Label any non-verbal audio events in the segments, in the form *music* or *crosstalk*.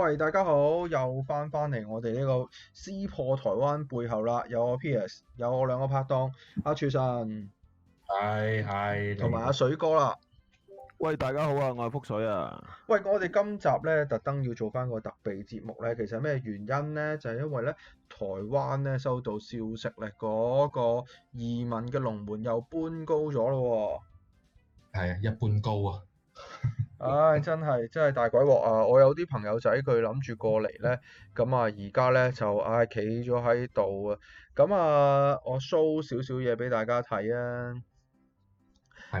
喂，大家好，又翻翻嚟我哋呢個撕破台灣背後啦。有我 Pierce，有我兩個拍檔阿柱神，係係，同埋阿水哥啦。喂，大家好啊，我係福水啊。喂，我哋今集咧特登要做翻個特別節目咧，其實咩原因咧？就係因為咧台灣咧收到消息咧，嗰個移民嘅龍門又搬高咗咯。係啊，一般高啊。 *laughs* 唉、哎，真係真係大鬼鑊啊！我有啲朋友仔佢諗住過嚟咧，咁啊而家咧就唉企咗喺度啊！咁、哎、啊，我 show 少少嘢俾大家睇啊。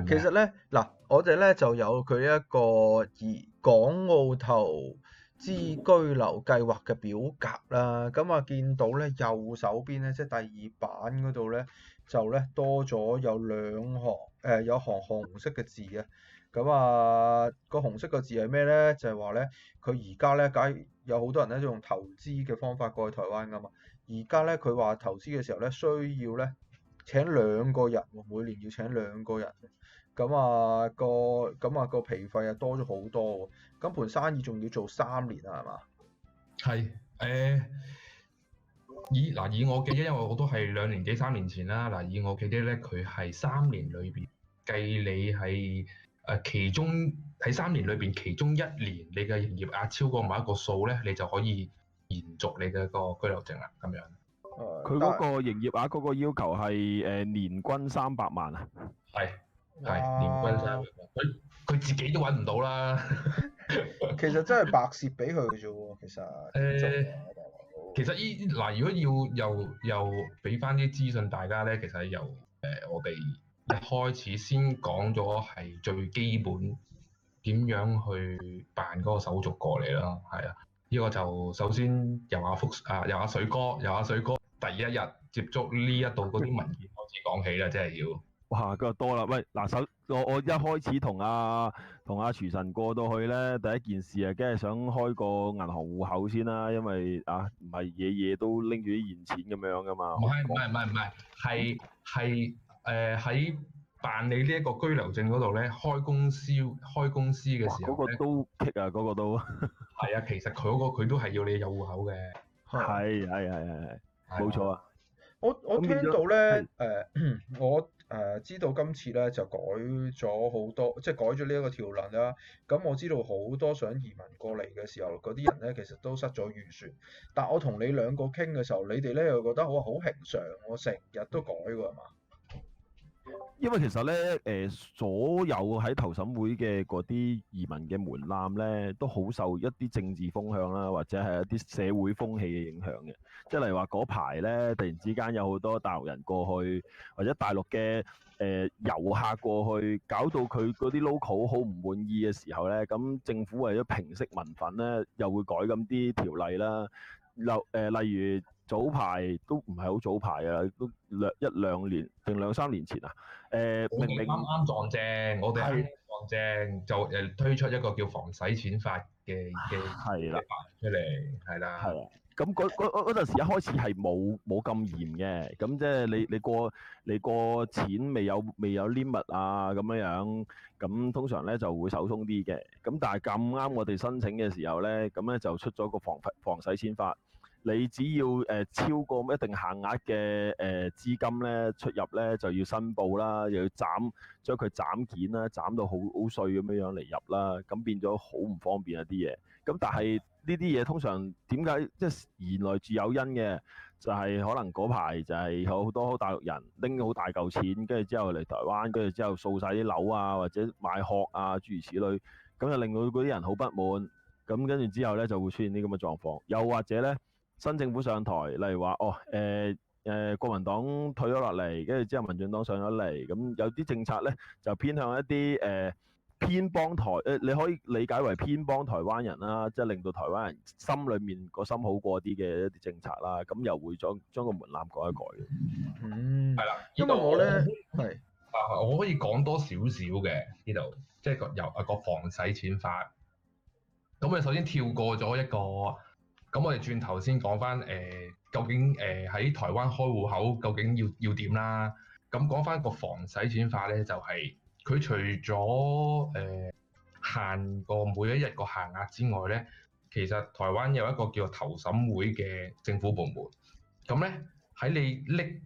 其實咧，嗱，我哋咧就有佢一個二港澳投資居留計劃嘅表格啦。咁啊，見到咧右手邊咧，即係第二版嗰度咧，就咧多咗有兩行誒、呃，有一行紅色嘅字啊。咁啊，個紅色嘅字係咩咧？就係話咧，佢而家咧，梗係有好多人咧，用投資嘅方法過去台灣噶嘛。而家咧，佢話投資嘅時候咧，需要咧請兩個人，每年要請兩個人。咁啊，個咁啊，嗯個皮費又多咗好多。咁、嗯、盤生意仲要做三年啊，係嘛？係誒、呃，以嗱以我記憶，因為我都係兩年幾三年前啦。嗱以我記得咧，佢係三年裏邊計你係。誒，其中喺三年裏邊，其中一年你嘅營業額超過某一個數咧，你就可以延續你嘅個居留證啦。咁樣。佢嗰個營業額嗰個要求係誒、呃、年均三百萬,萬啊。係係年均三百萬，佢佢自己都揾唔到啦。 *laughs* 其實真係白蝕俾佢嘅啫喎，其實。誒，欸、是其實依嗱、呃，如果要又又俾翻啲資訊大家咧，其實由誒、呃、我哋。一開始先講咗係最基本點樣去辦嗰個手續過嚟啦，係啊，呢個就首先由阿福啊，由阿水哥，由阿水哥第一日接觸呢一度嗰啲文件開始講起啦，即係 *laughs* 要哇，咁又多啦，喂，嗱，首我我一開始同阿同阿廚神過到去咧，第一件事啊，梗係想開個銀行戶口先啦、啊，因為啊，唔係嘢嘢都拎住啲現錢咁樣㗎嘛，唔係唔係唔係，係係。誒喺、呃、辦理呢一個居留證嗰度咧，開公司開公司嘅時候咧，都啊！嗰、嗰個都係、嗰個、 *laughs* 啊，其實佢嗰個佢都係要你有戶口嘅，係係係係係冇錯啊！啊我我聽到咧誒、嗯嗯呃，我誒、呃、知道今次咧就改咗好多，le le 即係改咗呢一個條例啦。咁我知道好多想移民過嚟嘅時候，嗰啲人咧其實都失咗預算。但我同你兩個傾嘅時候，你哋咧又覺得我好平常，我成日都改喎，係嘛？ *music* 因為其實咧，誒所有喺投審會嘅嗰啲移民嘅門檻咧，都好受一啲政治風向啦，或者係一啲社會風氣嘅影響嘅。即係例如話嗰排咧，突然之間有好多大陸人過去，或者大陸嘅誒遊客過去，搞到佢嗰啲 local 好唔滿意嘅時候咧，咁政府為咗平息民憤咧，又會改咁啲條例啦。例誒，例如。早排都唔係好早排啊，都兩一兩年定兩三年前啊？誒，明明啱啱撞正，我哋係撞正，就誒推出一個叫防洗錢法嘅嘅係啦出嚟，係啦。係啦。咁嗰嗰嗰陣時一開始係冇冇咁嚴嘅，咁即係你你過你過錢未有未有 limit 啊咁樣樣，咁通常咧就會手鬆啲嘅。咁但係咁啱我哋申請嘅時候咧，咁咧就出咗個防防洗錢法。你只要誒、呃、超過一定限額嘅誒、呃、資金咧出入咧就要申報啦，又要斬將佢斬件啦，斬到好好碎咁樣樣嚟入啦，咁變咗好唔方便一啲嘢。咁但係呢啲嘢通常點解即係原來自有因嘅，就係、是、可能嗰排就係好多大陸人拎咗好大嚿錢，跟住之後嚟台灣，跟住之後掃晒啲樓啊，或者買殼啊諸如此類，咁就令到嗰啲人好不滿，咁跟住之後咧就會出現啲咁嘅狀況，又或者咧。新政府上台，例如話哦，誒、呃、誒、呃，國民黨退咗落嚟，跟住之後民進黨上咗嚟，咁有啲政策咧就偏向一啲誒、呃、偏幫台誒、呃，你可以理解為偏幫台灣人啦，即係令到台灣人心裡面個心好過啲嘅一啲政策啦，咁又會將將個門檻改一改嘅。嗯，係啦，因為我咧係，是我可以講多少少嘅呢度，即係由啊個防洗錢法，咁你首先跳過咗一個。咁我哋轉頭先講返，誒、呃、究竟誒喺、呃、台灣開戶口究竟要要點啦？咁講返個防洗錢法咧，就係、是、佢除咗誒、呃、限個每一日個限額之外咧，其實台灣有一個叫做投審會嘅政府部門。咁咧喺你拎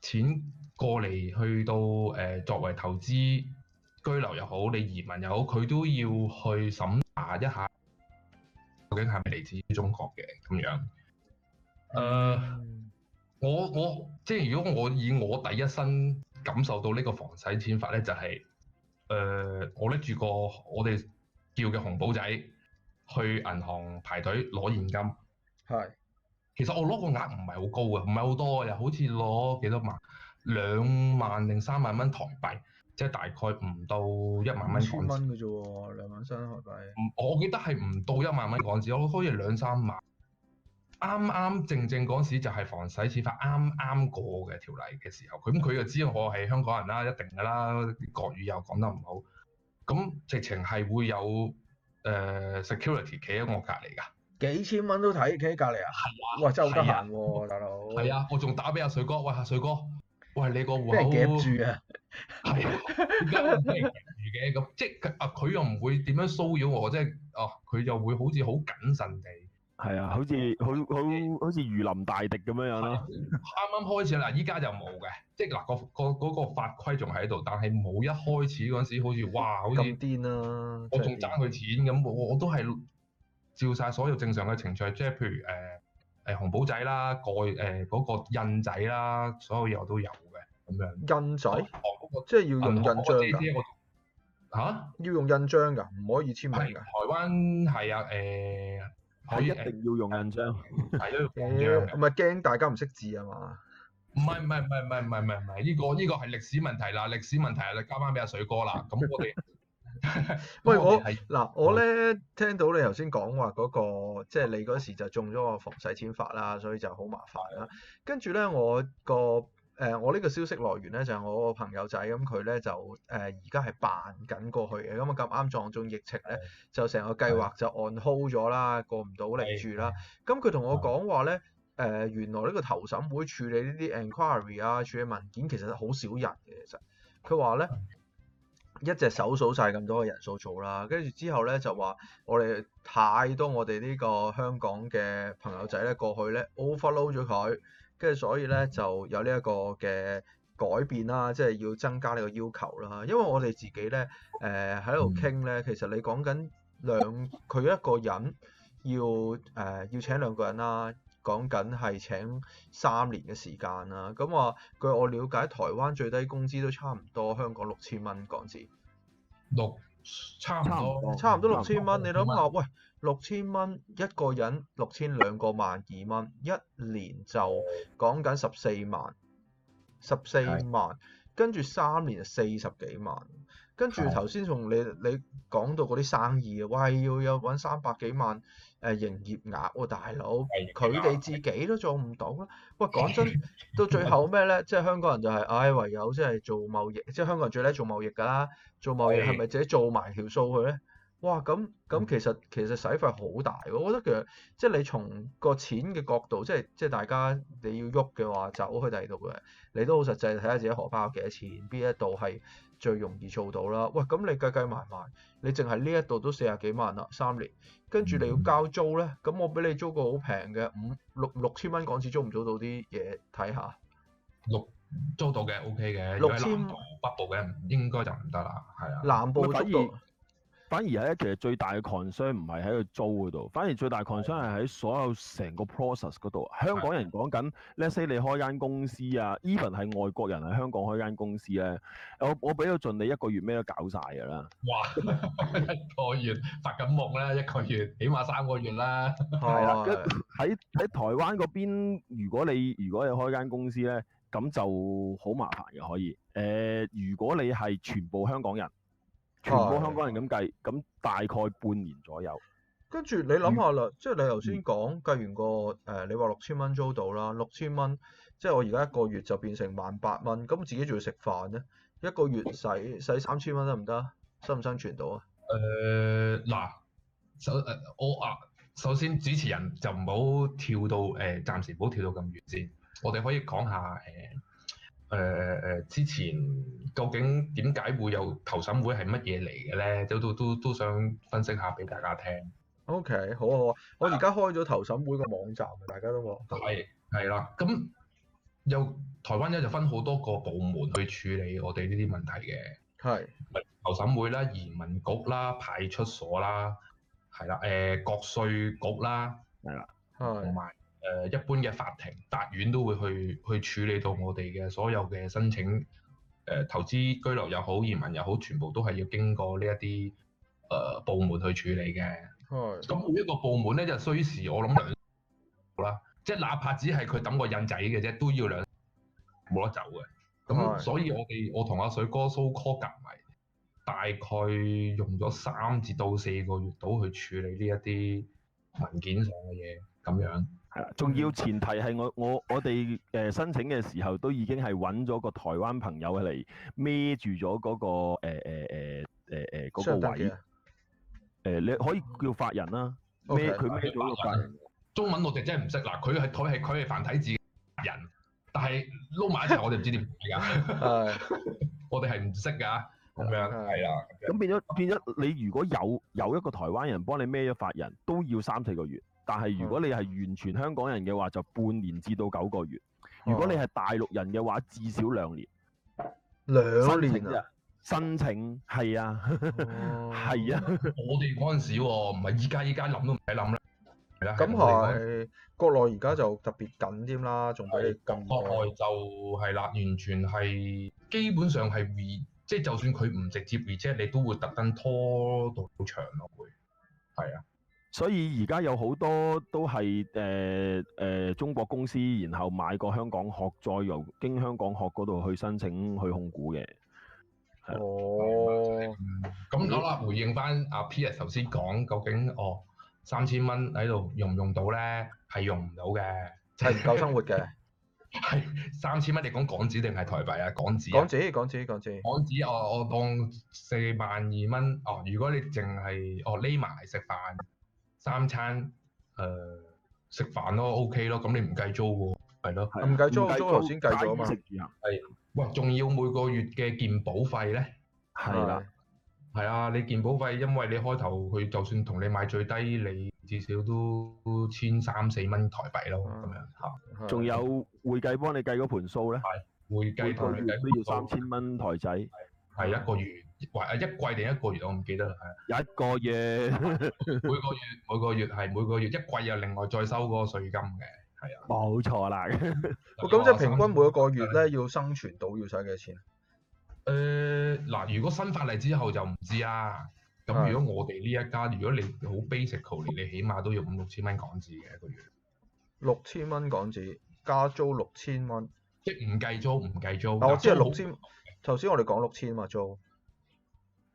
錢過嚟去到誒、呃、作為投資居留又好，你移民又好，佢都要去審查一下。究竟係咪嚟自於中國嘅咁樣？誒、uh，我我即係如果我以我第一身感受到呢個防洗錢法咧，就係、是、誒，uh, 我拎住個我哋叫嘅紅簿仔去銀行排隊攞現金係。是其實我攞個額唔係好高啊，唔係好多又好似攞幾多萬兩萬定三萬蚊台幣。即係大概唔到，到一萬蚊蚊嘅啫喎，兩萬新台幣。我記得係唔到一萬蚊港紙，我好似兩三萬。啱啱正正嗰時就係防洗錢法，啱啱過嘅條例嘅時候，咁佢就知道我係香港人啦，一定㗎啦，國語又講得唔好，咁直情係會有誒、呃、security 企喺我隔離㗎。幾千蚊都睇企喺隔離啊！係啊，嗎哇，真係好得閒喎，啊、大佬哥。係啊，我仲打俾阿水哥，喂，阿水哥，喂，你個戶口。夾住啊！係，而係嘅咁，即係啊佢又唔會點樣騷擾我，即係哦佢又會好似好謹慎地，係啊，好似好好好似如臨大敵咁樣樣咯。啱啱開始啦，依家就冇嘅，即係嗱個個嗰個法規仲喺度，但係冇一開始嗰陣時，好似哇，好似咁癲啦！我仲爭佢錢咁，我我都係照晒所有正常嘅程序，即係譬如誒誒紅寶仔啦、蓋誒嗰個印仔啦，所有嘢我都有。印仔，哦哦、即係要用印章㗎。嚇、哦，哦啊、要用印章㗎，唔可以簽名㗎。台灣係啊，誒、呃，我一定要用印章。係都要放章，唔驚大家唔識字啊嘛。唔係唔係唔係唔係唔係唔係，依、這個依、這個係歷史問題啦，歷史問題啊，你交翻俾阿水哥啦。咁我哋，喂 *laughs* *laughs* も我嗱， *laughs* 我咧 *laughs* 聽到你頭先講話嗰個，即、那、係、個就是、你嗰時就中咗個防洗錢法啦，所以就好麻煩啦。跟住咧，我、那個。誒、呃、我呢個消息來源咧就係、是、我個朋友仔，咁佢咧就誒而家係辦緊過去嘅，咁啊咁啱撞中疫情咧，的就成個計劃就 on hold 咗啦，過唔到嚟住啦。咁佢同我講話咧，誒、嗯嗯嗯、原來呢個投審會處理呢啲 enquiry 啊，處理文件其實好少人嘅，其實佢話咧一隻手數晒咁多嘅人數做啦，跟住之後咧就話我哋太多我哋呢個香港嘅朋友仔咧過去咧 overload 咗佢。跟住所以咧，就有呢一個嘅改變啦，即係要增加呢個要求啦。因為我哋自己咧，誒喺度傾咧，其實你講緊兩佢一個人要誒、呃、要請兩個人啦，講緊係請三年嘅時間啦。咁、嗯、話據我了解，台灣最低工資都差唔多香港、六、港六千蚊港紙，六差唔多，差唔多六千蚊，六你諗下喂。呃六千蚊一個人，六千兩個萬二蚊，一年就講緊十四萬，十四萬，的萬，跟住三年就四十幾萬，跟住頭先從你你講到嗰啲生意，哇要要搵三百幾萬誒、呃、營業額喎、啊，大佬佢哋自己都做唔到啦、啊，喂，講真到最後咩咧？ *laughs* 即係香港人就係、是，唉、哎、唯有即係做貿易，即係香港人最叻做貿易㗎啦，做貿易係咪的自己做埋條數去咧？哇，咁咁其實其實使費好大，我覺得其實即係你從個錢嘅角度，即係即係大家你要喐嘅話，走去第二度嘅，你都好實際睇下自己荷包有幾多錢，邊一度係最容易做到啦？喂，咁你計計埋埋，你淨係呢一度都四十幾萬啦，三年，跟住你要交租咧，咁、嗯、我俾你租個好平嘅五六六千蚊港紙租唔租到啲嘢睇下？六租到嘅 OK 嘅，六千租租，北部嘅應該就唔得啦，係啊，南部租到。反而咧，其實最大嘅 concern 唔係喺度租嗰度，反而最大 concern 係喺所有成個 process 嗰度。香港人講緊的，let say 你開間公司啊，even 係外國人喺香港開間公司咧、啊，我我俾咗盡你一個月咩都搞晒㗎啦。哇，一個月發緊夢啦，一個月起碼三個月啦。係啦 *laughs* 喺喺台灣嗰邊，如果你如果你開間公司咧，咁就好麻煩嘅可以。誒、呃，如果你係全部香港人。全部香港人咁計，咁、哎、大概半年左右。跟住你諗下啦，月即係你頭先講計完個誒、呃，你話六千蚊租到啦，六千蚊，即係我而家一個月就變成萬八蚊。咁自己仲要食飯咧，一個月使使三千蚊得唔得？生唔生存到啊？誒嗱、呃，首誒我啊，首先主持人就唔好跳到誒、呃，暫時唔好跳到咁遠先。我哋可以講下誒。呃誒誒誒，之前究竟點解會有投審會係乜嘢嚟嘅咧？都都都都想分析下俾大家聽。OK，好好啊，好啊，啊我而家開咗投審會個網站，大家都睇。係係啦，咁又台灣咧就分好多個部門去處理我哋呢啲問題嘅。係的投審會啦、移民局啦、派出所啦，係啦，誒、呃、國稅局啦，係啦，同埋。誒、呃、一般嘅法庭、法院都會去去處理到我哋嘅所有嘅申請。誒、呃、投資居留又好，移民又好，全部都係要經過呢一啲誒部門去處理嘅。係的。咁每一個部門咧，就需時。我諗兩啦，的即係哪怕只係佢抌個印仔嘅啫，都要兩冇得走嘅。咁，的所以我哋我同阿水哥 s、so、call 夾埋，大概用咗三至到四個月到去處理呢一啲文件上嘅嘢，咁樣。仲要前提係我我我哋誒申請嘅時候，都已經係揾咗個台灣朋友嚟孭住咗嗰個誒誒誒誒誒嗰個位，誒你可以叫法人啦，孭佢孭法人。中文我哋真係唔識，嗱佢係台係佢係繁體字人，但係撈埋一齊我哋唔知點解㗎，我哋係唔識㗎，咁樣係啦。咁變咗變咗，你如果有有一個台灣人幫你孭咗法人，都要三四個月。但係如果你係完全香港人嘅話，就半年至到九個月；如果你係大陸人嘅話，至少兩年。兩年申、啊、申請係啊，係、哦、 *laughs* 啊。我哋嗰陣時喎，唔係依家依家諗都唔使諗啦。係啦、啊。咁佢是國內而家就特別緊添啦，仲、嗯、比你更。國就係啦、啊，完全係基本上係會，即係就算佢唔直接 reject 你都會特登拖到長咯，會係啊。所以而家有好多都係誒誒中國公司，然後買過香港學再由經香港學嗰度去申請去控股嘅、哦哦啊。哦，咁好啦，回應翻阿 Peter 頭先講，究竟哦三千蚊喺度用唔用到咧？係用唔到嘅，就係唔夠生活嘅。係三千蚊，你講港紙定係台幣啊？港紙。港紙，港紙，港紙。港紙、哦，我我當四萬二蚊。哦，如果你淨係哦匿埋食飯。三餐誒食、呃、飯咯，OK 咯，咁你唔計租喎，係咯，唔計是租，租頭先計咗啊嘛，係月，哇，仲要每個月嘅健保費咧，係啦，係啊的，你健保費，因為你開頭佢就算同你買最低，你至少都千三四蚊台幣咯，咁樣嚇。仲的有會計幫你計嗰盤數咧，係會計同你計都要三千蚊台仔，係一個月，一季啊，一季定一個月，我唔記得啦。有一個月， *laughs* 每個月，每個月係每個月一季又另外再收嗰個稅金嘅，係啊，冇錯錯啦。咁、 *laughs* 哦、即係平均每一個月咧的要生存到要使幾錢？誒、呃，嗱、呃，如果新法例之後就唔知啊。咁如果我哋呢一家，如果你好 basically，你起碼都要五六千蚊港紙嘅一個月。六千蚊港紙加租六千蚊，即係唔計租，唔計租。我知係六千。頭先我哋講六千嘛，租。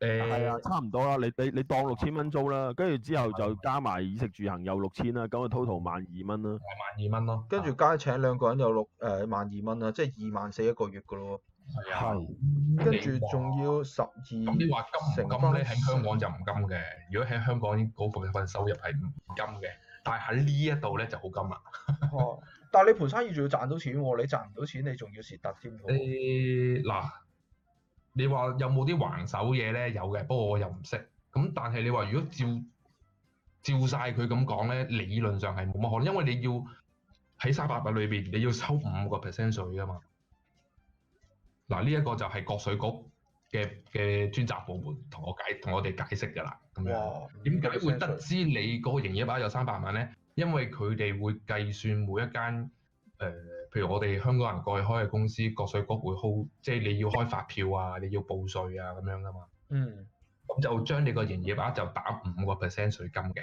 誒，係啊、嗯， *noise* 差唔多啦。你你你當六千蚊租啦，跟住之後就加埋衣食住行又六千啦，咁啊 total 萬二蚊啦。萬二蚊咯。跟住加請兩個人又六誒萬二蚊啦，即係二萬四一個月噶咯。係啊。係。跟住仲要十二。咁你話金，金成金咧喺香港就唔金嘅，如果喺香港嗰份收入係唔金嘅，但係喺呢一度咧就好金啦。哦、 *laughs* 嗯，但係你盤生意仲要賺到錢喎，你賺唔到錢你仲要蝕突添。你嗱。嗯你話有冇啲橫手嘢咧？有嘅，不過我又唔識。咁但係你話如果照照曬佢咁講咧，理論上係冇乜可能，因為你要喺三百萬裏邊，你要收五個 percent 稅㗎嘛。嗱，呢一個就係國稅局嘅嘅專責部門同我解同我哋解釋㗎啦。哇！點解會得知你嗰個營業額有三百萬咧？因為佢哋會計算每一間誒。呃譬如我哋香港人過去開嘅公司，國稅局會好，即係你要開發票啊，你要報稅啊，咁樣噶嘛。嗯。咁就將你個營業額就打五個 percent 稅金嘅。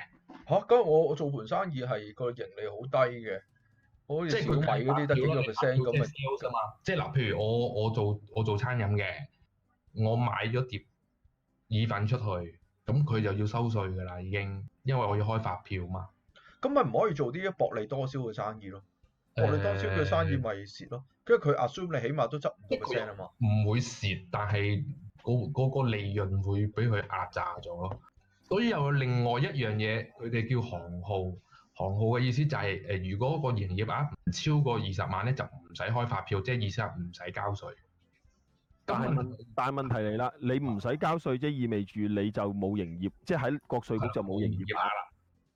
嚇、啊！咁我我做盤生意係個盈利低我好低嘅，好似小米嗰啲得幾個 percent 咁啊。即係嘛！即係嗱，譬如我我做我做餐飲嘅，我買咗碟意粉出去，咁佢就要收稅㗎啦，已經，因為我要開發票嘛。咁咪唔可以做啲薄利多銷嘅生意咯？我哋、哦、當初佢生意咪蝕咯，跟住佢壓衰，你起碼都執唔到個正啊嘛，唔會蝕，但係嗰嗰個利潤會俾佢壓榨咗咯。所以有另外一樣嘢，佢哋叫行號，行號嘅意思就係、是、誒，如果個營業額超過二十萬咧，就唔使開發票，即係意思係唔使交稅。但係但係問題嚟啦，你唔使交稅，即係意味住你就冇營業，即係喺國稅局就冇營，營業額。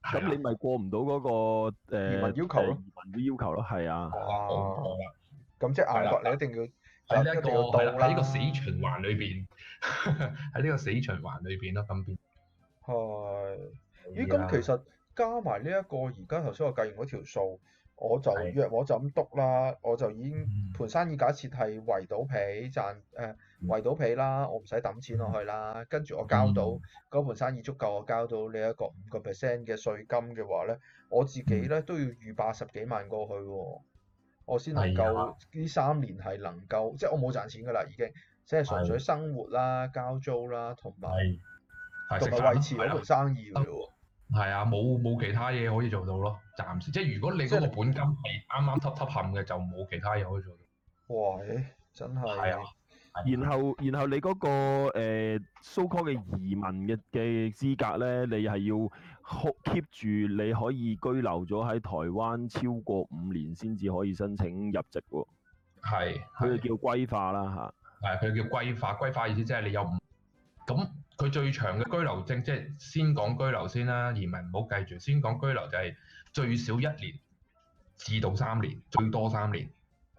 咁你咪過唔到嗰個誒移民要求咯，移民嘅要求咯，係啊。哇，咁、嗯、即係硬殼，你一定要喺呢、這個、一個喺呢個死循環裏邊，喺 *laughs* 呢個死循環裏邊咯。咁邊係咦？咁其實加埋呢一個，而家頭先我計完嗰條數，我就約我就咁篤啦，我就已經盤生意，假設係圍到皮賺誒。嗯嗯嗯嗯圍到皮啦，我唔使揼錢落去啦。跟住我交到嗰盤、嗯、生意足夠，我交到你一個五個 percent 嘅稅金嘅話咧，我自己咧都要預八十幾萬過去喎，我先能夠呢三年係能夠，啊、即係我冇賺錢噶啦，已經即係純粹生活啦、啊、交租啦同埋同埋維持嗰盤生意嘅喎。係啊，冇冇、啊、其他嘢可以做到咯，暫時即係如果你個本金係啱啱 top top 下嘅，就冇其他嘢可以做到。喂，真係。係啊。然後然後你嗰、那個誒 so call 嘅移民嘅嘅資格咧，你係要 keep 住你可以居留咗喺台灣超過五年先至可以申請入籍。哦。係，佢叫歸化啦吓。係，佢叫歸化，歸化意思即係你有五咁佢最長嘅居留證，即係先講居留先啦，移民唔好計住，先講居留就係最少一年，至到三年，最多三年。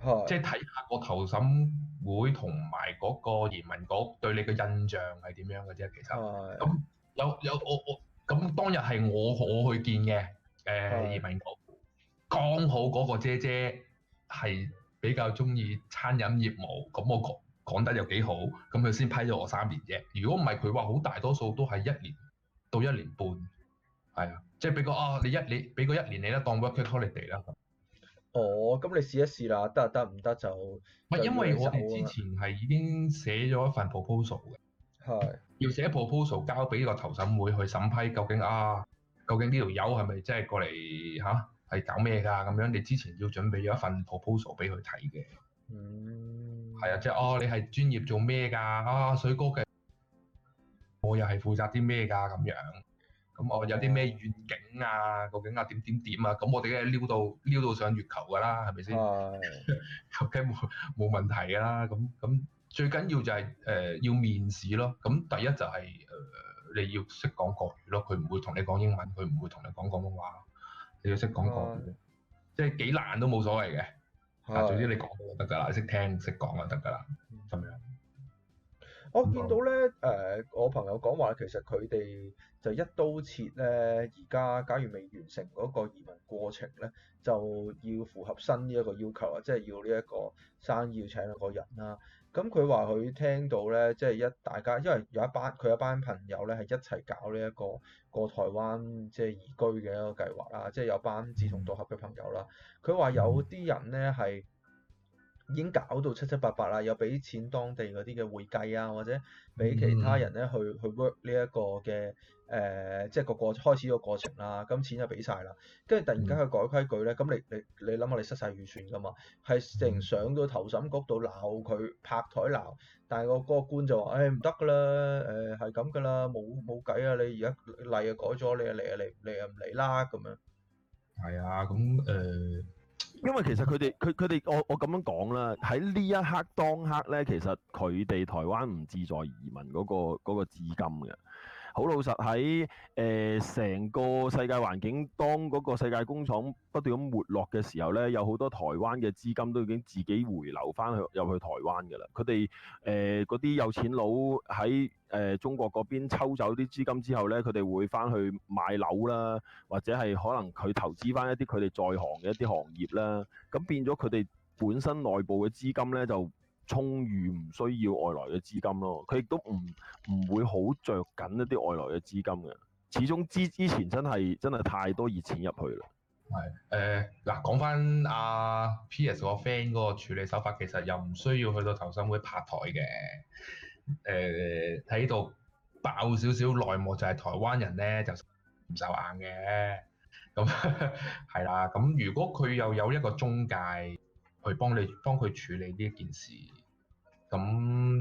是即係睇下個投審。會同埋嗰個移民局對你嘅印象係點樣嘅啫？其實，咁的有有我我咁當日係我我去見嘅，誒、呃、的移民局剛好嗰個姐姐係比較中意餐飲業務，咁我講講得又幾好，咁佢先批咗我三年啫。如果唔係佢話好，大多數都係一年到一年半，係啊，即係俾個啊你一你俾個一年你都當 work experience 啦。哦，咁你試一試啦，得啊得，唔得就唔係，因為我哋之前係已經寫咗一份 proposal 嘅，係，要寫 proposal 交俾個投審會去審批，究竟啊，究竟呢條友係咪真係過嚟吓？係搞咩㗎？咁樣你之前要準備咗一份 proposal 俾佢睇嘅，嗯，係啊，即係哦，你係專業做咩㗎？啊，水哥嘅，我又係負責啲咩㗎？咁樣。咁我、嗯、有啲咩遠景啊，究竟啊點點點啊，咁我哋梗係撩到撩到上月球㗎啦，係咪先？OK，冇問題㗎啦。咁咁最緊要就係、是、誒、呃、要面試咯。咁第一就係、是、誒、呃、你要識講國語咯。佢唔會同你講英文，佢唔會同你講廣東話。你要識講國語，國語哎、呀即係幾難都冇所謂嘅。哎、呀但係總之你講得得㗎啦，你識聽識講就得㗎啦，得唔我、哦、見到咧，誒、呃，我朋友講話，其實佢哋就一刀切咧，而家假如未完成嗰個移民過程咧，就要符合新呢一個要求啦，即係要呢一個生意要請一個人啦。咁佢話佢聽到咧，即係一大家，因為有一班佢一班朋友咧係一齊搞呢、這個、一個過台灣即係移居嘅一個計劃啦，即係有班志同道合嘅朋友啦。佢話有啲人咧係，已經搞到七七八八啦，又俾錢當地嗰啲嘅會計啊，或者俾其他人咧去、嗯、去 work 呢一個嘅誒，即、呃、係、就是、個過開始個過程啦。咁錢就俾晒啦，跟住突然間佢改規矩咧，咁、嗯、你你你諗下，你，你，你失晒預算噶嘛？係成上到頭審局度鬧佢，拍台鬧，但係個嗰個官就話，誒唔得㗎啦，誒係咁㗎啦，冇冇計啊！你而家例啊改咗，你啊嚟啊嚟，你啊唔嚟啦咁樣。係啊，咁誒。因為其實佢哋佢佢哋我我咁樣講啦，喺呢一刻當刻呢，其實佢哋台灣唔志在移民嗰個嗰個資金嘅。好老實喺誒成個世界環境，當嗰個世界工廠不斷咁沒落嘅時候咧，有好多台灣嘅資金都已經自己回流翻去入去台灣㗎啦。佢哋誒嗰啲有錢佬喺誒中國嗰邊抽走啲資金之後咧，佢哋會翻去買樓啦，或者係可能佢投資翻一啲佢哋在行嘅一啲行業啦。咁變咗佢哋本身內部嘅資金咧就～充裕，唔需要外來嘅資金咯，佢亦都唔唔會好着緊一啲外來嘅資金嘅。始終之之前真係真係太多熱錢入去啦。係誒嗱，講翻阿 P.S 個 friend 嗰個處理手法，其實又唔需要去到投審會拍台嘅。誒喺度爆少少內幕就係台灣人咧就唔受硬嘅，咁係啦。咁 *laughs* 如果佢又有一個中介去幫你幫佢處理呢一件事。咁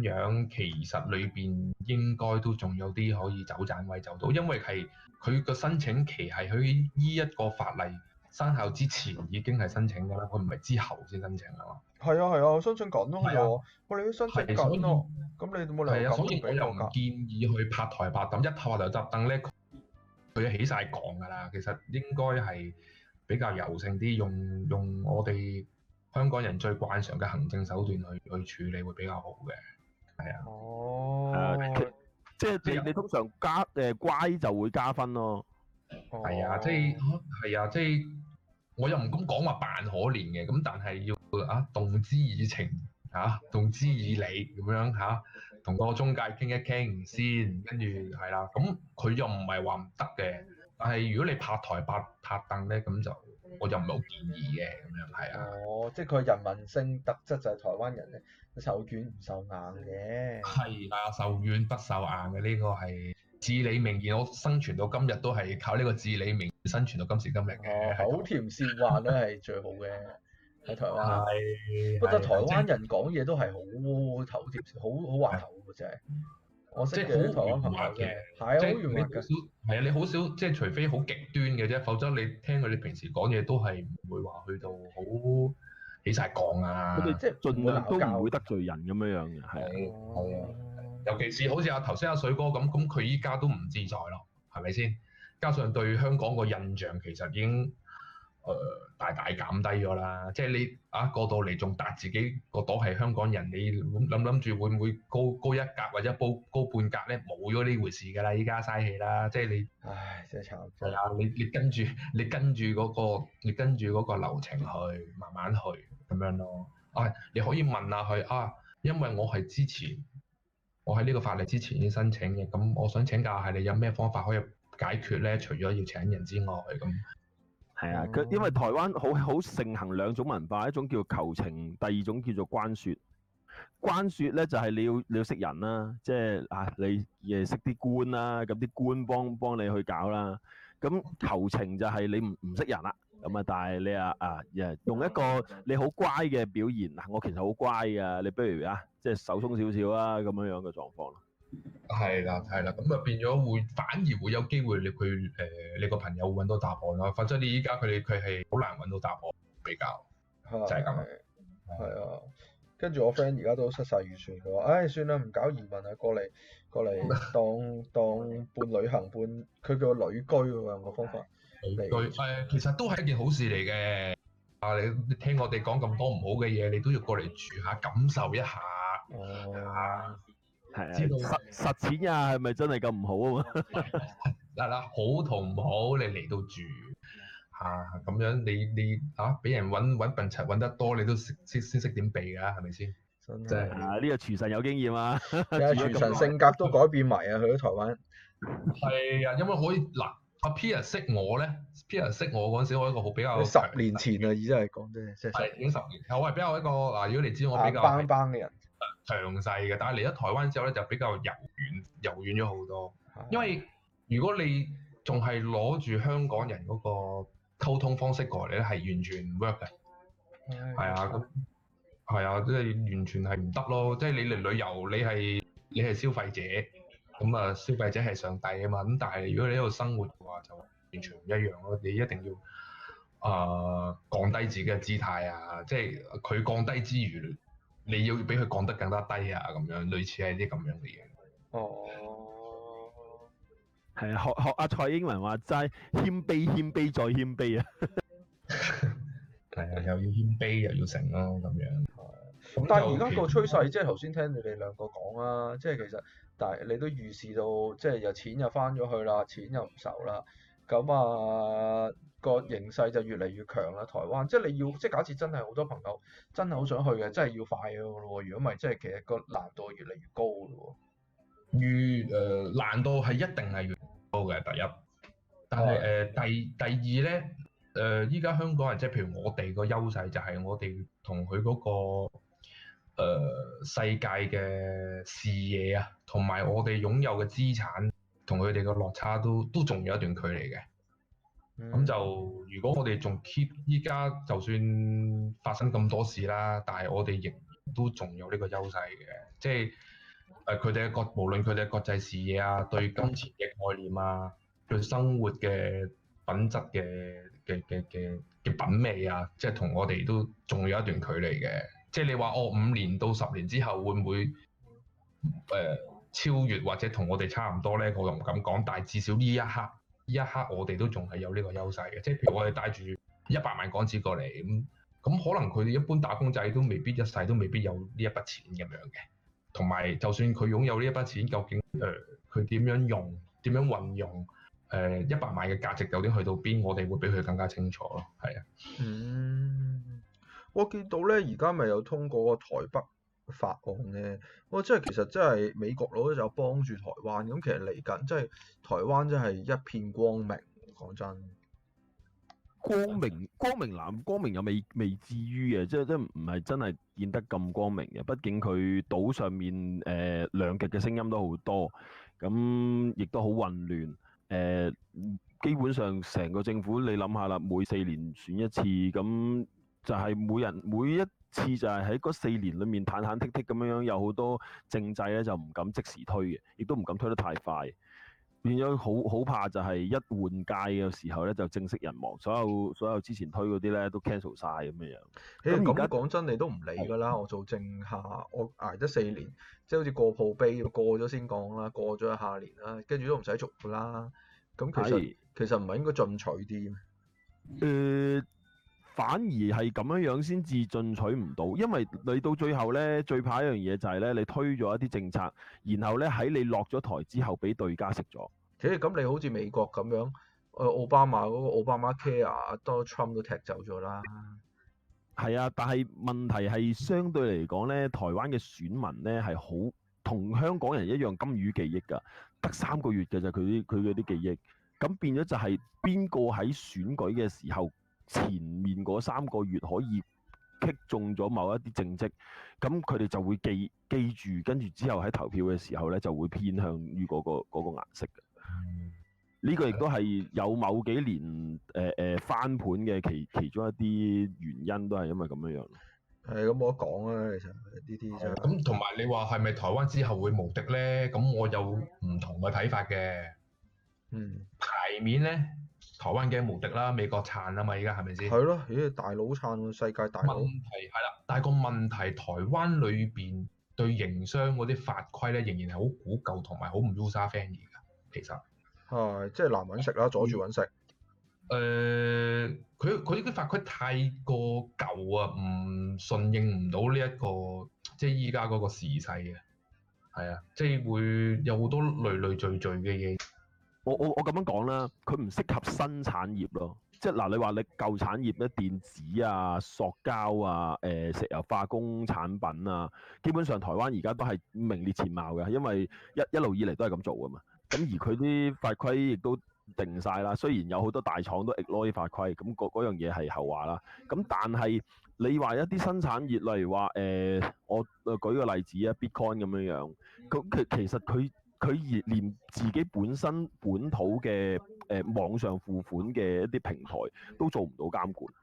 樣其實裏邊應該都仲有啲可以走盞位走到，因為係佢個申請期係佢依一個法例生效之前已經係申請㗎啦，佢唔係之後先申請㗎嘛。係啊係啊，申請緊啊係啊，我哋都申請緊啊。咁你冇理集啊，所以又唔建議去拍台拍凳，一拍台兩集凳咧，佢起晒槓㗎啦。其實應該係比較柔性啲，用用我哋。香港人最慣常嘅行政手段去去處理會比較好嘅，係啊，哦，啊、即係你是是你通常加誒、呃、乖就會加分咯，係、哦、啊，即係，係啊，即係、啊啊，我又唔敢講話扮可憐嘅，咁但係要啊動之以情啊動之以理咁樣嚇，同、啊、個中介傾一傾先，跟住係啦，咁佢、啊、又唔係話唔得嘅，但係如果你拍台拍拍凳咧，咁就～我就唔係好建議嘅，咁樣，係啊，哦，即係佢人民性特質就係台灣人咧，受軟唔受硬嘅，係啊，受軟不受硬嘅呢個係至理名言，我生存到今日都係靠呢個至理名言生存到今時今日嘅，口甜舌滑都係最好嘅，喺台灣，係，不過台灣人講嘢都係好口甜好，好好滑頭嘅啫。是我識即係好圓滑嘅，係好圓滑嘅，係啊！的的你好少的即係除非好極端嘅啫，否則你聽佢哋平時講嘢都係唔會話去到好起晒槓啊！佢哋即係盡量都唔會得罪人咁樣樣嘅，係的的啊，啊，尤其是好似阿頭先阿水哥咁，咁佢依家都唔自在咯，係咪先？加上對香港個印象其實已經，誒、呃、大大減低咗啦，即係你啊過到嚟仲達自己，個朵係香港人，你諗諗住會唔會高高一格或者高高半格咧？冇咗呢回事㗎啦，依家嘥氣啦！即係你，唉，真係慘。係你你跟住你跟住嗰，嗰個你跟住嗰個流程去慢慢去咁 *laughs* 樣咯。啊，你可以問下佢啊，因為我係之前我喺呢個法例之前已經申請嘅，咁我想請教下你有咩方法可以解決咧？除咗要請人之外，咁。係啊，佢因為台灣好好盛行兩種文化，一種叫求情，第二種叫做關說。關說咧就係、是、你要你要識人啦、啊，即、就、係、是、啊，你亦識啲官啦、啊，咁啲官幫幫你去搞啦、啊。咁求情就係你唔唔識人啦，咁啊，但係你啊啊，啊，啊，用一個你好乖嘅表現嗱，我其實好乖噶，你不如啊，即、就、係、是、手鬆少少啊，咁樣樣嘅狀況咯。係啦，係啦，咁啊變咗會反而會有機會你、呃，你佢誒，你個朋友會搵到答案啦。否則你依家佢哋佢係好難搵到答案，比較就係咁。係啊，跟住我 friend 而家都失晒預算，佢話：，唉、哎，算啦，唔搞移民啦，過嚟過嚟當 *laughs* 當半旅行半，佢叫旅居咁樣個方法。旅居誒，來其實都係一件好事嚟嘅。啊，你你聽我哋講咁多唔好嘅嘢，你都要過嚟住下，感受一下。哦、啊。係啊，實實踐呀，係咪真係咁唔好啊？嗱嗱，好同唔好，你嚟到住啊，咁樣你你嚇俾人揾揾笨柒揾得多，你都先先識點避噶，係咪先？真係啊，呢個廚神有經驗啊！廚神性格都改變埋啊，去咗台灣。係啊，因為可以嗱，阿 Peter 識我咧，Peter 識我嗰陣時，我一個好比較十年前啊，已真係講真，成成幾十年。我係比較一個嗱，如果你知我比較班班嘅人。詳細嘅，但係嚟咗台灣之後咧，就比較柔軟、柔軟咗好多。因為如果你仲係攞住香港人嗰個溝通方式過嚟咧，係完全唔 work 嘅。係、嗯、啊，咁係啊，即、就、係、是、完全係唔得咯。即係你嚟旅遊，你係你係消費者，咁啊消費者係上帝啊嘛。咁但係如果你喺度生活嘅話，就完全唔一樣咯。你一定要啊、呃、降低自己嘅姿態啊，即係佢降低之餘。你要俾佢講得更加低啊，咁樣類似係啲咁樣嘅嘢。哦，係啊， *laughs* 學學阿蔡英文話齋，謙卑謙卑再謙卑啊，係啊，又要謙卑又要成咯咁樣。但係而家個趨勢 *laughs* 即係頭先聽你哋兩個講啦、啊，即係其實但係你都預示到，即係又錢又翻咗去啦，錢又唔愁啦，咁啊。個形勢就越嚟越強啦，台灣。即係你要，即係假設真係好多朋友真係好想去嘅，真係要快嘅咯。如果唔係，即係其實個難度越嚟越高嘅喎。越誒、呃、難度係一定係越高嘅，第一。但係誒、啊呃、第第二咧，誒依家香港人即係譬如我哋個優勢就係我哋同佢嗰個、呃、世界嘅視野啊，同埋我哋擁有嘅資產同佢哋個落差都都仲有一段距離嘅。咁、嗯、就如果我哋仲 keep 依家，就算發生咁多事啦，但係我哋仍然都仲有呢個優勢嘅，即係誒佢哋嘅國無論佢哋嘅國際視野啊，對金錢嘅概念啊，對生活嘅品質嘅嘅嘅嘅嘅品味啊，即係同我哋都仲有一段距離嘅。即係你話我五年到十年之後會唔會誒、呃、超越或者同我哋差唔多咧？我唔敢講，但係至少呢一刻。依一刻我哋都仲係有呢個優勢嘅，即係譬如我哋帶住一百萬港紙過嚟，咁、嗯、咁可能佢哋一般打工仔都未必一世都未必有呢一筆錢咁樣嘅，同埋就算佢擁有呢一筆錢，究竟誒佢點樣用、點樣運用誒一百萬嘅價值究竟去到邊，我哋會比佢更加清楚咯，係啊。嗯，我見到咧，而家咪有通過台北法案咧，哇、哦！即係其實，即係美國佬就幫住台灣。咁其實嚟緊，即係台灣真係一片光明。講真，光明光明藍，光明又未未至於嘅，即係即係唔係真係見得咁光明嘅。畢竟佢島上面誒、呃、兩極嘅聲音都好多，咁亦都好混亂。誒、呃，基本上成個政府，你諗下啦，每四年選一次，咁就係每人每一次就係喺嗰四年裏面，忐忐忑忑咁樣樣，有好多政制咧就唔敢即時推嘅，亦都唔敢推得太快，變咗好好怕就係一換屆嘅時候咧就正式人亡，所有所有之前推嗰啲咧都 cancel 晒咁樣樣。其實咁家講真，你都唔理㗎啦，我做政客，我挨得四年，即係好似過鋪碑，過咗先講啦，過咗下年啦，跟住都唔使做㗎啦。咁其實是其實唔係應該進取啲咩？誒、呃。反而係咁樣樣先至進取唔到，因為你到最後呢，最怕一樣嘢就係咧，你推咗一啲政策，然後呢，喺你落咗台之後，俾對家食咗。其實咁你好似美國咁樣，誒、呃、奧巴馬嗰個奧巴馬 care，Donald Trump 都踢走咗啦。係啊，但係問題係相對嚟講呢，台灣嘅選民呢係好同香港人一樣金魚記憶㗎，得三個月嘅就佢佢嗰啲記憶。咁變咗就係邊個喺選舉嘅時候？前面嗰三個月可以擊中咗某一啲政績，咁佢哋就會記記住，跟住之後喺投票嘅時候咧就會偏向於嗰、那個嗰顏、那個、色嘅。呢、嗯、個亦都係有某幾年誒誒、呃呃、翻盤嘅其其中一啲原因，都係因為咁樣樣咯。咁，我講啊，其實呢啲就咁、是。同埋、嗯、你話係咪台灣之後會無敵咧？咁我有唔同嘅睇法嘅。嗯。牌面咧？台灣嘅無敵啦，美國撐啊嘛，而家係咪先？係咯，咦、 *music* 哎，大佬撐世界大佬。問題係啦，但個問題台灣裏邊對營商嗰啲法規咧，仍然係好古舊同埋好唔 user-friendly 㗎，其實。係、 *music* 啊，即係難揾食啦，阻住揾食。誒、嗯，佢佢啲法規太過舊啊，唔順應唔到呢一個即係依家嗰個時勢嘅。係啊，即係會有好多累累贅贅嘅嘢。我我我咁樣講啦，佢唔適合新產業咯，即係嗱、啊，你話你舊產業咧，電子啊、塑膠啊、誒、呃、石油化工產品啊，基本上台灣而家都係名列前茅嘅，因為一一路以嚟都係咁做噶嘛。咁而佢啲法規亦都定晒啦，雖然有好多大廠都 ignore 法規，咁、那、嗰、個、樣嘢係後話啦。咁但係你話一啲新產業，例如話誒、呃，我誒舉個例子啊，Bitcoin 咁樣樣，咁佢其實佢。佢而連自己本身本土嘅誒網上付款嘅一啲平台都做唔到監管，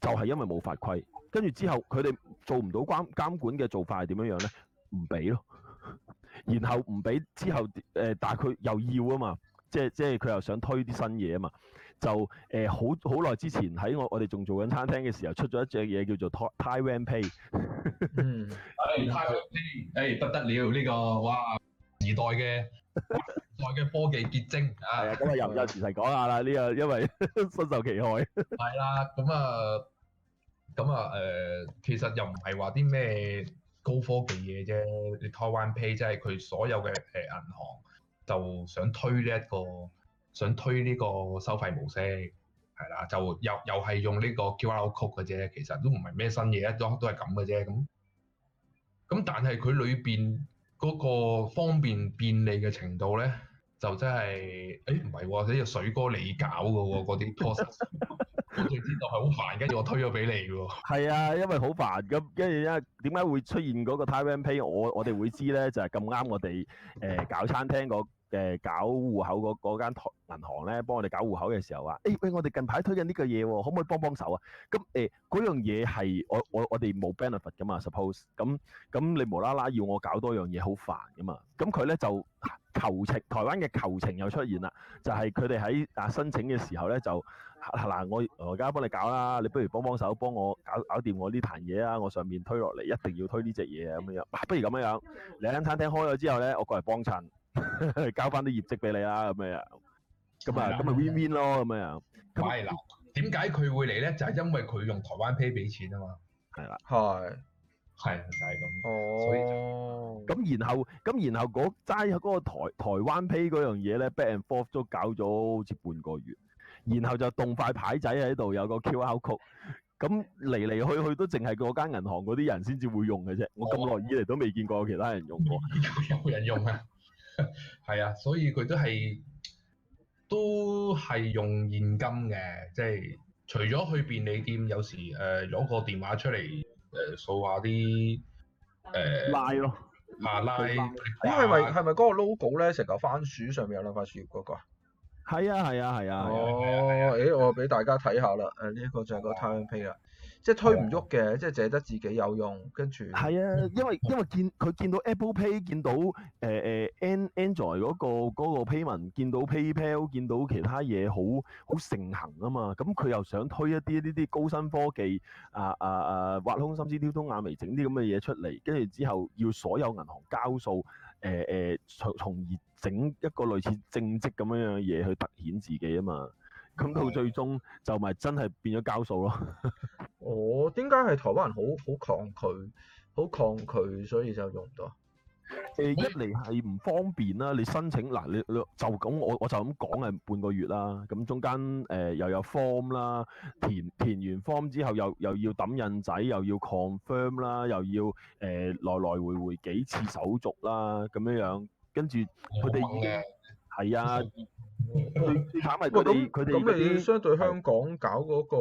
就係因為冇法規。跟住之後，佢哋做唔到監監管嘅做法係點樣樣咧？唔俾咯。然後唔俾之後誒，但係佢又要啊嘛，即係即係佢又想推啲新嘢啊嘛，就誒好好耐之前喺我我哋仲做緊餐廳嘅時候，出咗一隻嘢叫做 Taiwan Pay。嗯，誒 Taiwan Pay，誒不得了呢個，哇！代嘅代嘅科技結晶啊，咁啊又又時時講下啦，呢個因為深受其害。係啦，咁啊，咁啊，誒，其實又唔係話啲咩高科技嘢啫。你 TaiwanPay 即係佢所有嘅誒銀行就想推呢一個想推呢個收費模式，係啦，就又又係用呢個 QR code 嘅啫。其實都唔係咩新嘢，都都係咁嘅啫。咁咁但係佢裏邊。嗰個方便便利嘅程度咧，就真、就、係、是，誒唔係喎，呢個水哥你搞嘅喎，嗰啲拖手， *laughs* 我最知道係好煩，跟住我推咗俾你喎。係 *laughs* 啊，因為好煩，咁跟住咧，點解會出現嗰個 time and pay？我我哋會知咧，就係咁啱我哋誒、呃、搞餐廳嗰。誒搞戶口嗰間台銀行咧，幫我哋搞戶口嘅時候、欸欸、啊，誒喂，我哋近排推緊呢個嘢喎，可唔可以幫幫手啊？咁誒嗰樣嘢係我我我哋冇 benefit 噶嘛？Suppose 咁咁、嗯嗯嗯、你無啦啦要我搞多樣嘢，好煩噶嘛？咁佢咧就求情，台灣嘅求情又出現、就係啊、啦，就係佢哋喺啊申請嘅時候咧就嗱我而家幫你搞啦，你不如幫幫手幫我搞搞掂我呢壇嘢啊，我上面推落嚟一定要推呢隻嘢啊咁樣。不如咁樣，你間餐廳開咗之後咧，我過嚟幫襯。 *laughs* 交翻啲業績俾你啦，咁樣，咁啊的，咁咪 win win 咯，咁樣的。係啦那，點解佢會嚟咧？就係、是、因為佢用台灣 Pay 俾錢啊嘛。係啦的，係的，係就係咁。的哦。咁、哦、然後，咁然後嗰齋個台台灣 Pay 嗰樣嘢咧，back and forth 都搞咗好似半個月，然後就棟塊牌仔喺度，有個 QR code。咁嚟嚟去去都淨係嗰間銀行嗰啲人先至會用嘅啫，我咁耐以嚟都未見過有其他人用過。有冇人用啊？ *laughs* *laughs* 係 *laughs* 啊，所以佢都係都係用現金嘅，即、就、係、是、除咗去便利店，有時誒攞、呃、個電話出嚟誒、呃、掃一下啲誒拉咯，啊、呃哦、拉！咦，係咪係咪嗰個 logo 咧？成嚿番薯上面有兩塊樹葉嗰、那個啊？係啊係啊係啊！俾大家睇下啦，誒呢一個就係個 Time Pay 啦，即係推唔喐嘅，的即係淨係得自己有用，跟住係啊，因為因為見佢見到 Apple Pay，見到誒誒、呃、Android 嗰、那個那個 payment 見到 PayPal，見到其他嘢好好盛行啊嘛，咁、嗯、佢又想推一啲呢啲高新科技啊啊啊挖空心思挑通眼眉整啲咁嘅嘢出嚟，跟住之後要所有銀行交數，誒、呃、誒、呃、從從而整一個類似政績咁樣樣嘢去凸顯自己啊嘛。咁到最終就咪真係變咗交數咯？我點解係台灣人好好抗拒、好抗拒，所以就用唔到？誒、欸、一嚟係唔方便啦，你申請嗱你你就咁我我就咁講係半個月啦，咁中間誒、呃、又有 form 啦，填填完 form 之後又又要揼印仔，又要 confirm 啦，又要誒、呃、來來回回幾次手續啦，咁樣樣跟住佢哋已經係啊。 *laughs* 咁你相對香港搞嗰個，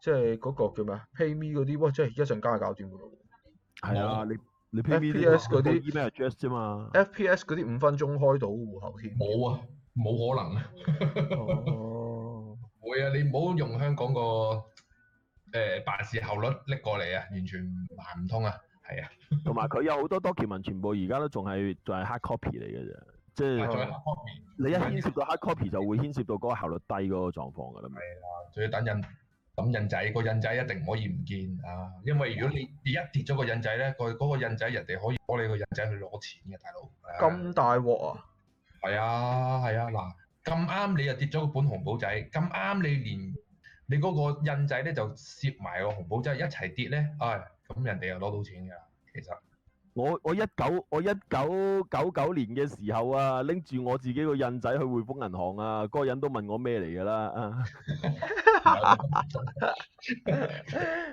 即係嗰個叫咩啊？PayMe 嗰啲，哇！即係一陣間就搞掂㗎啦。係啊，你你 PayMe、PS 嗰啲、Email address 啫嘛。FPS 嗰啲五分鐘開到戶口添。冇啊，冇可能啊。哦。會啊，你唔好用香港個誒辦事效率拎過嚟啊，完全行唔通啊。係啊，同埋佢有好多 document，全部而家都仲係仲係 hard copy 嚟嘅啫。即係，copy，你一牽涉到 hard copy 就會牽涉到嗰個效率低嗰個狀況㗎啦。係啊，仲要等印等印仔，個印仔一定唔可以唔見啊！因為如果你你一跌咗個印仔咧，個嗰個印仔人哋可以攞你個印仔去攞錢嘅，大佬。咁大鑊啊！係啊，係啊，嗱，咁啱你又跌咗個本紅寶仔，咁啱你連你嗰個印仔咧就攝埋個紅寶仔一齊跌咧，唉、哎，咁人哋又攞到錢㗎喇，其實。我我一九我一九九九年嘅時候啊，拎住我自己個印仔去匯豐銀行啊，嗰、那個、人都問我咩嚟噶啦，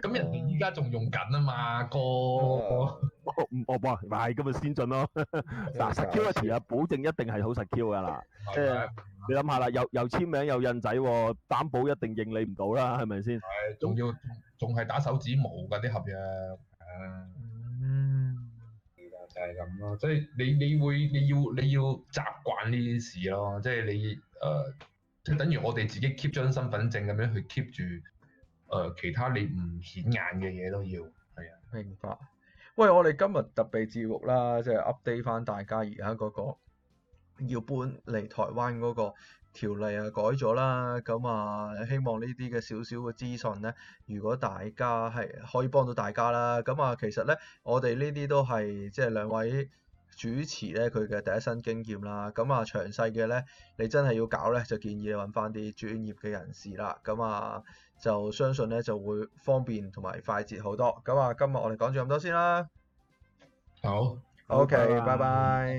咁人哋而家仲用緊啊嘛，那個唔唔唔係咁咪先進咯 *laughs* 一。嗱 *laughs* ，secure 啊，保證一定係好 secure 噶啦。即 *laughs* 係、呃、是的 *laughs* 你諗下啦，又又簽名又印仔、哦，擔保一定認你唔到啦，係咪先？係，仲要仲係打手指模噶啲合約。啊就係咁咯，即係你你會你要你要習慣呢件事咯，即係你誒即係等於我哋自己 keep 張身份證咁樣去 keep 住誒其他你唔顯眼嘅嘢都要係啊，明白？喂，我哋今日特別節目啦，即係 update 翻大家而家嗰個要搬嚟台灣嗰個。條例啊改咗啦，咁啊希望呢啲嘅少少嘅資訊咧，如果大家係可以幫到大家啦，咁啊其實咧我哋呢啲都係即係兩位主持咧佢嘅第一身經驗啦，咁啊詳細嘅咧你真係要搞咧就建議你揾翻啲專業嘅人士啦，咁啊就相信咧就會方便同埋快捷好多，咁啊今日我哋講咗咁多先啦，好，OK，拜拜。